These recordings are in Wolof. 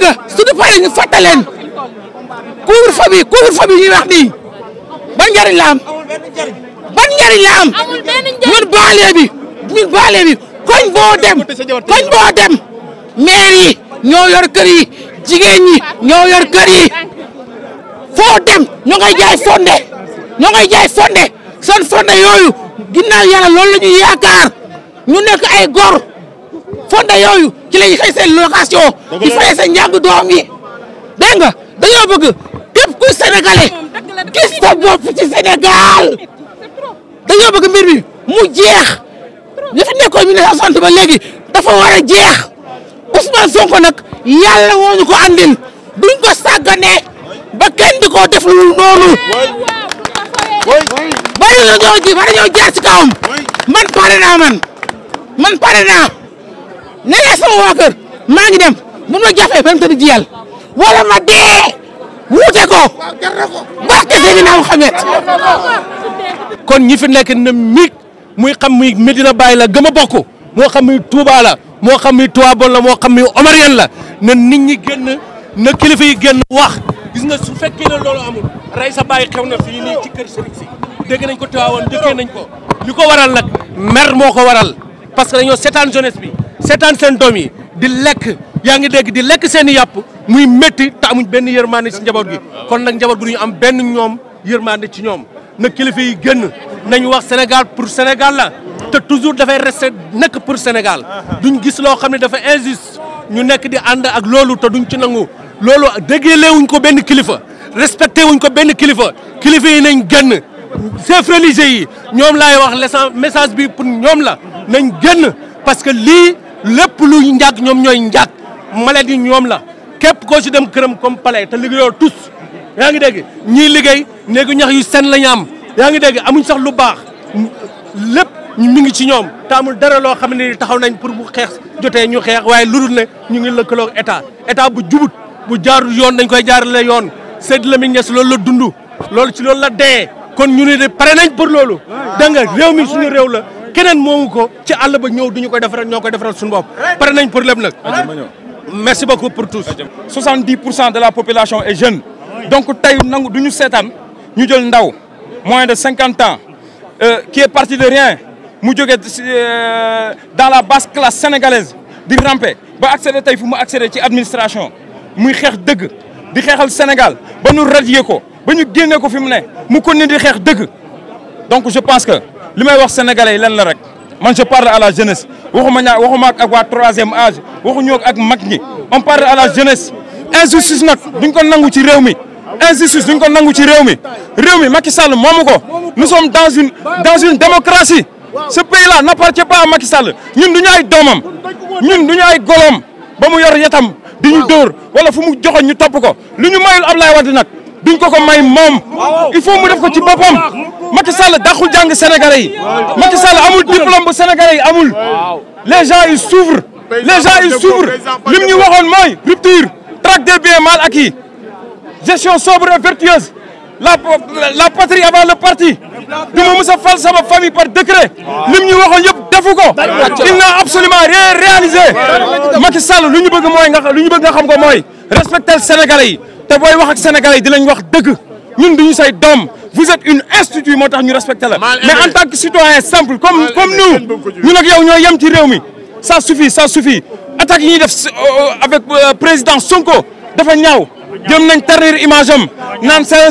bëgg suñu ñu fàtte leen couvre bi couvre-feu bi ñuy wax nii ban njariñ la am ban njariñ la am ñun baalee ñun baalee koñ boo dem koñ boo dem maire yi ñoo yor kër yi ñi ñoo yor kër yi foo dem ñoo ngay jaay fonde ñoo ngay jaay fonde seen fonde yooyu ginnaaw yàlla loolu la ñuy yaakaar ñu nekk ay gor fonde yooyu ci lañuy xëy seen location di fay seen njàng doom yi dégg nga dañoo bëgg képp kuy sénégalais gis sa bopp ci Sénégal dañoo bëgg mbir mi mu jeex ñu fi nekkoon ñu ne sant ba léegi dafa war a jeex Ousmane Sonko nag yàlla woo ñu ko andil duñ ko sàgganee ba kenn di ko def lu noonu bari na ñoo ji ci kawam man pare naa man man pare naa nenee sama waa kër maa ngi dem bu ma jafee ba mu tëdd jiyal wala ma dee wuute ko barke Seydina ñi fi nekk na miig muy xam muy Medina Baye la gëm a bokk moo xam muy Touba la moo xam muy Tivaouane la moo xam muy Omarien la na nit ñi génn na kilifa yi génn wax gis nga su fekkee ne loolu amul rey sa bàyyi na fii nii ci kër si dégg nañ ko Tivaouane dëkkee nañ ko li ko waral nag mer moo ko waral parce que dañoo seetaan bi seetaan seen doom yi di lekk yaa ngi dégg di lekk seen i yàpp muy métti te benn benn yërmande ci njaboot bi kon nag njaboot gi duñu am benn ñoom yërmande ci ñoom na kilifa yi génn nañ wax senegal pour Sénégal la te toujours dafay rester nekk pour Sénégal duñu gis loo xam ne dafa injuste ñu nekk di ànd ak loolu te duñ ci nangu loolu déggeelee wuñ ko benn kilifa respecté wuñ ko benn kilifa kilifa yi nañ génn chef religieux yi ñoom laay wax message bi pour ñoom la nañ génn parce que lii lépp lu njàgg ñoom ñooy njàgg maladie ñoom la képp koo ci dem këram comme palais te liggéeyoo tus yaa ngi dégg ñii liggéey néegu ñax yu sen la ñu yaa ngi dégg amuñ sax lu baax lépp mi ngi ci ñoom taamul dara loo xam ni taxaw nañ pour bu xeex jotee ñu xeex waaye lu dul ne ñu ngi lëkkaloog état état bu jubut bu jaarul yoon dañ koy jaarale yoon Seydi Lamine Niass loolu la dund loolu ci loolu la dee kon ñu ne de pare nañ pour loolu dégg nga mi suñu réew la keneen moomu ko ci àll ba ñëw du ñu koy defaral ñoo koy defaral suñu bopp pare nañ problème nag. merci beaucoup pour tous. 70 pour cent de la population est jeune. donc tey nangu du ñu seetaan ñu jël ndaw moins de 50 ans euh, qui est parti de rien mu jógee euh, dans la basse classe sénégalaise di ramper ba accéder tey fu mu accéder ci administration muy xeex dëgg di xeexal Sénégal ba ñu radier ko ba ñu génne ko fi mu ne mu ko ni di xeex dëgg donc je pense que. li may wax sénégalais yi lan la rek man je parle à la jeunesse waxuma ñaa waxuma ak waa age âge waxuñu ak mag ñi on parle à la jeunesse injustice nag duñ ko nangu ci réew mi injustice duñ ko nangu ci réew mi réew mi Macky Sall moomu ko nous sommes dans une dans une démocratie ce pays là n'appartient pas à Macky Sall ñun du ñu ay doomam ñun ñu ay goloom ba mu yor yetam di ñu dóor wala fu mu joxoñ ñu topp ko lu ñu mayul Ablaye Wade nag duñ ko may moom il faut mu def ko ci boppam Macky Sall daxul jàng sénégalais yi Macky Sall amul diplôme bu yi amul les gens ils s'ouvrent les gens ils s'ouvrent lim ñu waxoon mooy rupture traque des biens mal gestion sobre et vertueuse la la patrie avant le parti du ma mës a fal sama famille par décret lim ñu waxoon yëpp defu ko il n'a absolument rien réalisé Macky Sall lu ñu bëgg mooy nga lu ñu bëgg nga xam ko mooy respecter sénégalais yi te booy wax ak sénégalais yi dinañ wax dëgg ñun duñu say doom vous êtes une institut moo tax ñu respecté la mais en tant que citoyen simple comme comme ñu ñun ak yow ñoo yem ci réew mi sa suffit ça suffit attaque yi ñuy def euh, euh, avec euh, président Sonko dafa ñaaw jëm nañ ternir image naan c'est un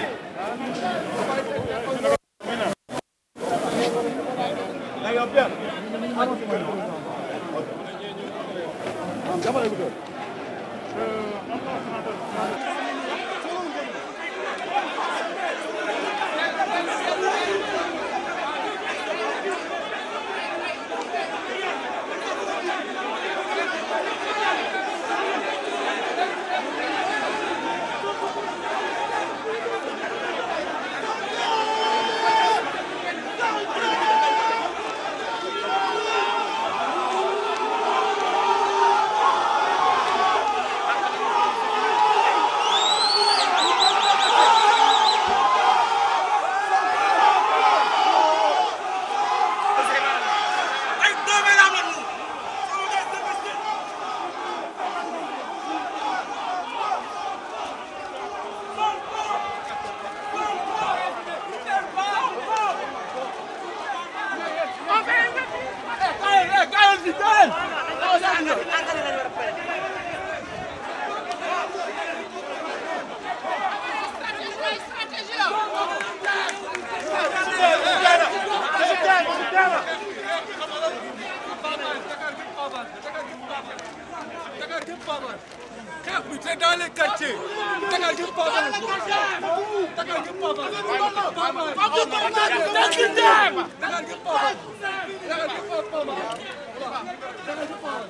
pavane xeex bi c'est dans les quartiers Dakar yëpp pavane Dakar yëpp pavane Dakar yëpp pavane Dakar yëpp pavane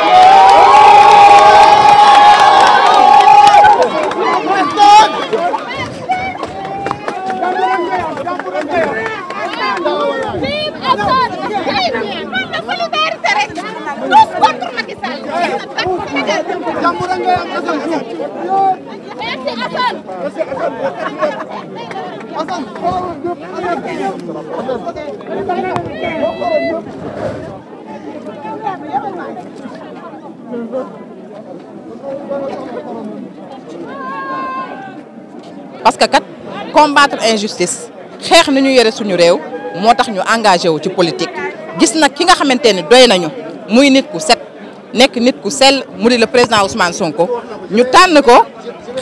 parce que kat combattre injustice xeex ni ñu yore suñu réew moo tax ñu engagé wu ci politique gis nag ki nga xamante ne doy nañu muy nit ku set nekk nit ku sell mu di la président Ousmane Sonko ñu tànn ko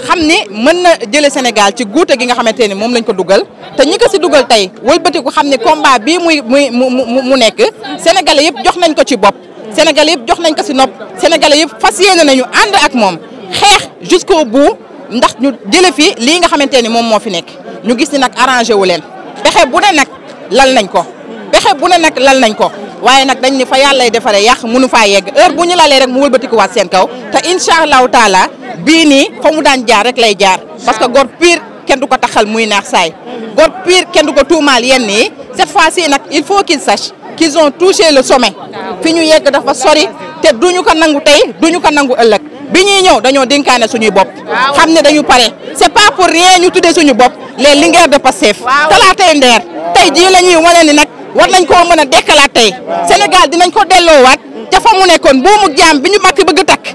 xam ni mën na jële Sénégal ci guute gi nga xamante ni moom lañ ko dugal te ñi ko si dugal tey wëlbati ko xam ni combat bi muy muy mu mu nekk sénégale yëpp jox nañ ko ci bopp. sénégal yëpp jox nañ ko si nopp sénégalais yëpp fas yéene nañu ànd ak moom xeex jusqu'au bout ndax ñu jële fi lii nga xamante ni moom moo fi nekk ñu gis ni nag arrangé wu leen pexe bu ne nag lal nañ ko. pexe bu ne nag lal nañ ko waaye nag dañ ni fa yàllay defaree yàq mënu faa yegg heure bu ñu lalee rek mu wëlbatikuwaat seen kaw te incha allahu taala bii nii fa mu daan jaar rek lay jaar parce que gor kenn du ko taxal muy naax saay gor pire kenn du ko tuumaal yenn yi cette fois ci nag il faut qu'ils sachent qu'ils ont touché le sommet fi ñu yegg dafa sori te duñu ko nangu tey duñu ko nangu ëllëg bi ñuy ñëw dañoo dénkaane suñuy bopp xam ne dañu pare c'est pas pour rien ñu tuddee suñu bopp les linguères de war nañ ko mën a dekkalaat tey Sénégal dinañ ko delloowaat ca fa mu nekkoon buumu jaam bi ñu makk bëgg takk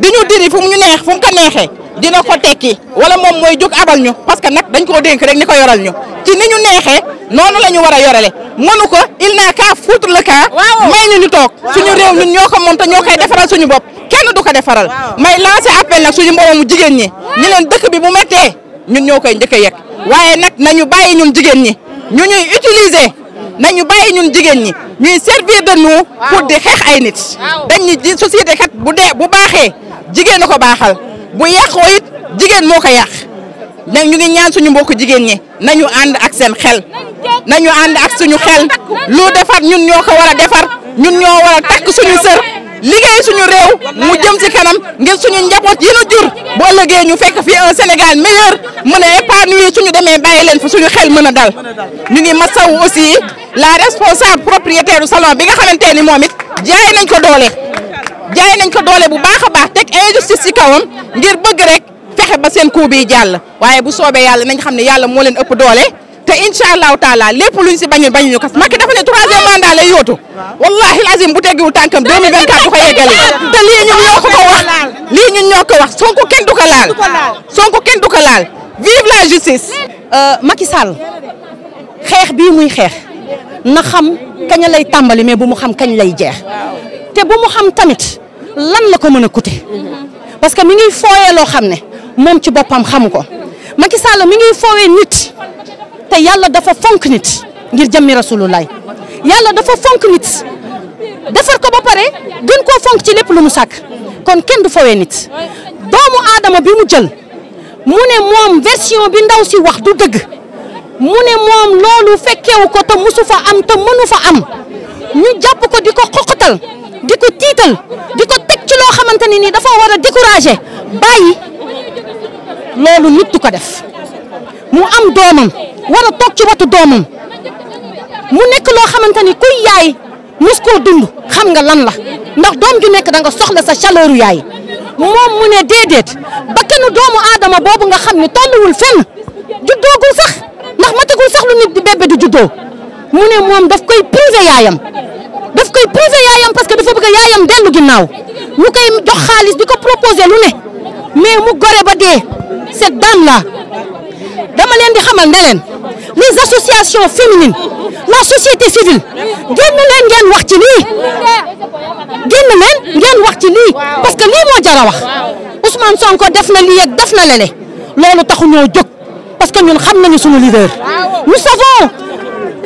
di ñu diri fu ñu neex fu mu ko dina ko tekki wala moom mooy jóg abal ñu parce que nag dañ koo dénk rek ni ko yoral ñu ci ni ñu neexee noonu la ñu war a yorale mënu il n'a qu'à foutre le camp may ñu ñu toog suñu réew ñun ñoo ko moom te ñoo koy defaral suñu bopp kenn du ko defaral may lancer appel nag suñu mbooloo mu jigéen ñi ñu leen dëkk bi bu méttee ñun ñoo koy njëkk a waaye nag nañu bàyyi ñun jigéen ñi ñu ñuy nañu bàyyi ñun jigéen ñi ñuy servir de nous pour di xeex ay nit dañ ñu société xet bu dee bu baaxee jigéen ko baaxal bu yàqoo it jigéen moo ko yàq nag ñu ngi ñaan suñu mbokk jigéen ñi nañu ànd ak seen xel nañu ànd ak suñu xel lu defar ñun ñoo ko war a defar ñun ñoo war a takk suñu sër liggéey suñu réew mu jëm si kanam ngir suñu njaboot yi nu jur bu ëllëgee ñu fekk fii un Sénégal meilleur mën a épanouir suñu demee bàyyi leen fa suñu xel mën a dal ñu ngi masaw aussi la responsable propriétaire du salon bi nga xamante ni moom it jaay nañ ko doole jaay nañ ko doole bu baax a baax teg injustice ci kawam ngir bëgg rek fexe ba seen coup bi jàll waaye bu soobee yàlla nañ xam ne yàlla moo leen ëpp doole te incha allahu taala lépp luñ si bañu bañu ñu ko Macky dafa ne troisième mandat wallahi lazim bu teggiwul tànkam 2024 du ko yeggali te lii ñun ñoo ko wax lii ñun ñoo ko wax Sonko kenn du ko laal Sonko kenn du ko laal vive la justice euh, Macky xeex bii muy xeex na xam kañ lay tàmbali mais bu mu xam kañ lay jeex te bu mu xam tamit lan la ko mën a coûter parce que mi ngi fooyee loo xam ne moom ci boppam xamu ko Macky Sall mi ngi te yàlla dafa fonk nit ngir jëmmi rasulullah yàlla dafa fonk nit defar ko ba pare gën koo fonk ci lépp la mu sàkk kon kenn du fawee nit doomu aadama bi mu jël mu ne moom version bi ndaw si wax du dëgg mu ne moom loolu fekkewu ko te musu fa am te mënu fa am ñu jàpp ko di ko xoqatal di ko tiital di ko teg loo xamante ni nii dafa war a décourager bàyyi loolu nit du ko def mu am doomam war a toog ci wetu doomam mu nekk loo xamante ni kuy yaay mos koo dund xam nga lan la ndax doom ju nekk da nga soxla sa chaleur yaay moom mu ne déedéet bakkanu doomu aadama boobu nga xam ni ne tolluwul fenn juddoogul sax ndax matagul sax lu nit di bébé di juddoo mu ne moom daf koy privé yaayam daf koy privé yaayam parce que dafa bëgg yaayam dellu ginnaaw mu koy jox xaalis di ko proposé ne mais mu gore ba dee cette dame là dama leen di xamal ne leen les associations féminines la société civile génn ngeen wax ci lii ngeen wax parce que lii moo jar a wax Ousmane Sonko def na lii lele loolu taxu ñoo jóg parce que ñun xam nañu suñu leader nous savons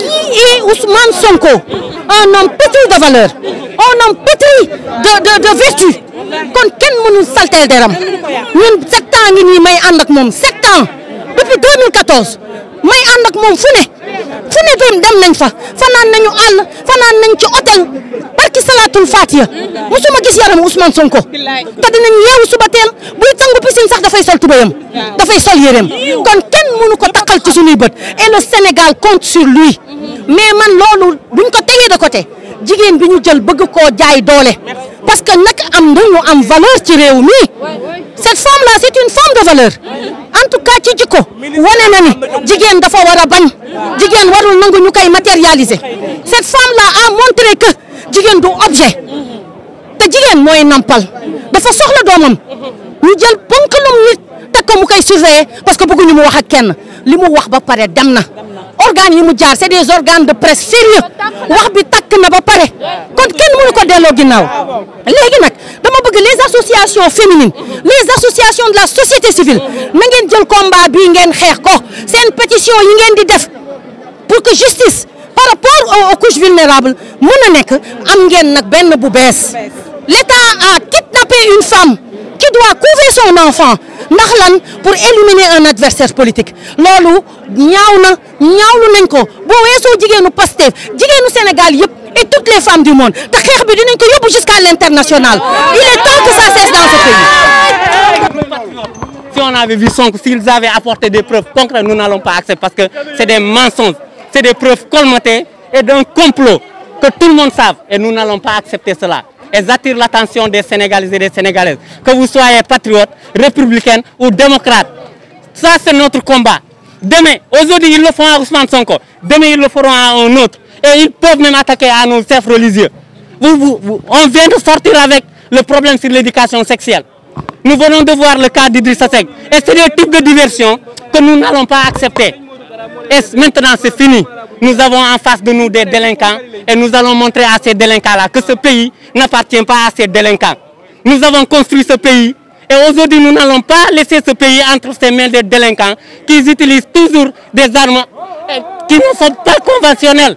qui est Ousmane Sonko un homme pétri de valeur un homme pétri de vertu kon kenn mënul saltel deram ñun sept ans ngi nii may ànd ak moom sept depuis 2014 may ànd ak moom fu ne fu ne doon dem nañ fa fanaan nañu àll fanaan nañ ci hôtel barki salaatul faatiya musuma gis yaramu Ousmane Sonko te dinañ yeewu suba buy sangu piscine sax dafay sol tubéyam dafay sol yéreem kon kenn mënu ko taqal ci suñuy bët et le Sénégal compte sur lui mais man loolu duñ ko tegee da côté jigéen bi ñu jël bëgg koo jaay doole parce que nag am dañu am valeur ci réew mi cette femme là c'est une femme de valeur en tout cas jikko wane na jigéen dafa war a bañ jigéen warul nangu ñu koy matérialiser cette femme la a montré que jigéen du objet te jigéen mooy nampal dafa soxla doomam ñu jël ponkalum nit teg ko mu koy surveiller parce que bëgguñu mu wax kenn li mu wax ba pare dem na organes yi mu jaar c'est des organes de presse sérieux wax bi takk na ba pare kon kenn mënu ko delloo ginnaaw léegi nag bëgg les associations féminines les associations de la société civile na ngeen jël combat bii ngeen xeex ko seen pétition yi ngeen di def pour que justice par rapport aux couches vulnérables mën a nekk am ngeen nag benn bu bees l'État a kidnappé une femme qui doit couver son enfant ndax pour éliminer un adversaire politique loolu ñaaw na ñaawlu nañ ko boo weesoo jigéenu Pastef jigéenu Sénégal yëpp et toutes les femmes du monde te xeex bi dinañ internationale. Il est temps que ça dans ce pays. Si on avait vu Sonko, s'ils avaient apporté nous n'allons pas accepter parce que c'est des mensonges, c'est des preuves colmatées et d'un complot que tout le monde savent et nous n'allons pas accepter cela. Elles attirent l'attention des Sénégalais et des Sénégalaises. Que vous soyez patriote, républicaine ou démocrate, c'est notre combat. Demain, aujourd'hui ils le font à Ousmane Sonko, demain ils le feront à un autre. Et ils peuvent Vous, vous, vous, on vient de sortir avec le problème sur l'éducation sexuelle. Nous venons de voir le cas d'Idrissa Seck. Et c'est le type de diversion que nous n'allons pas accepter. Et maintenant, c'est fini. Nous avons en face de nous des délinquants et nous allons montrer à ces délinquants Nous avons construit ce pays et aujourd'hui, nous n'allons pas laisser ce pays entre ces mains des délinquants qui utilisent toujours des armes euh, qui ne sont pas conventionnelles.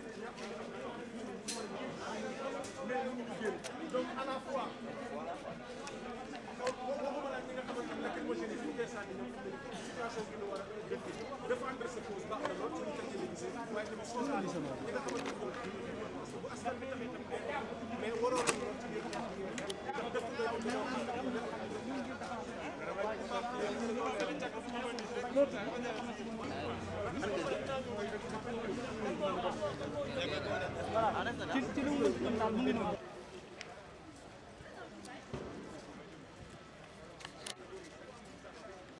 mais ñu ngi donc à la fois waxuma la ñi nga xamante ne lacrymogène yi koy sànni ñoom situation bi ñu war a jëndee défendre sa cause baax na lool suñu tëjee gisee waaye tamit sóoraale ñi nga xamante ne moom parce que bu askan bi taxee tam day mais waroon nañu ci biir ndax def nga yow ñoo xam ne mu ngi noonu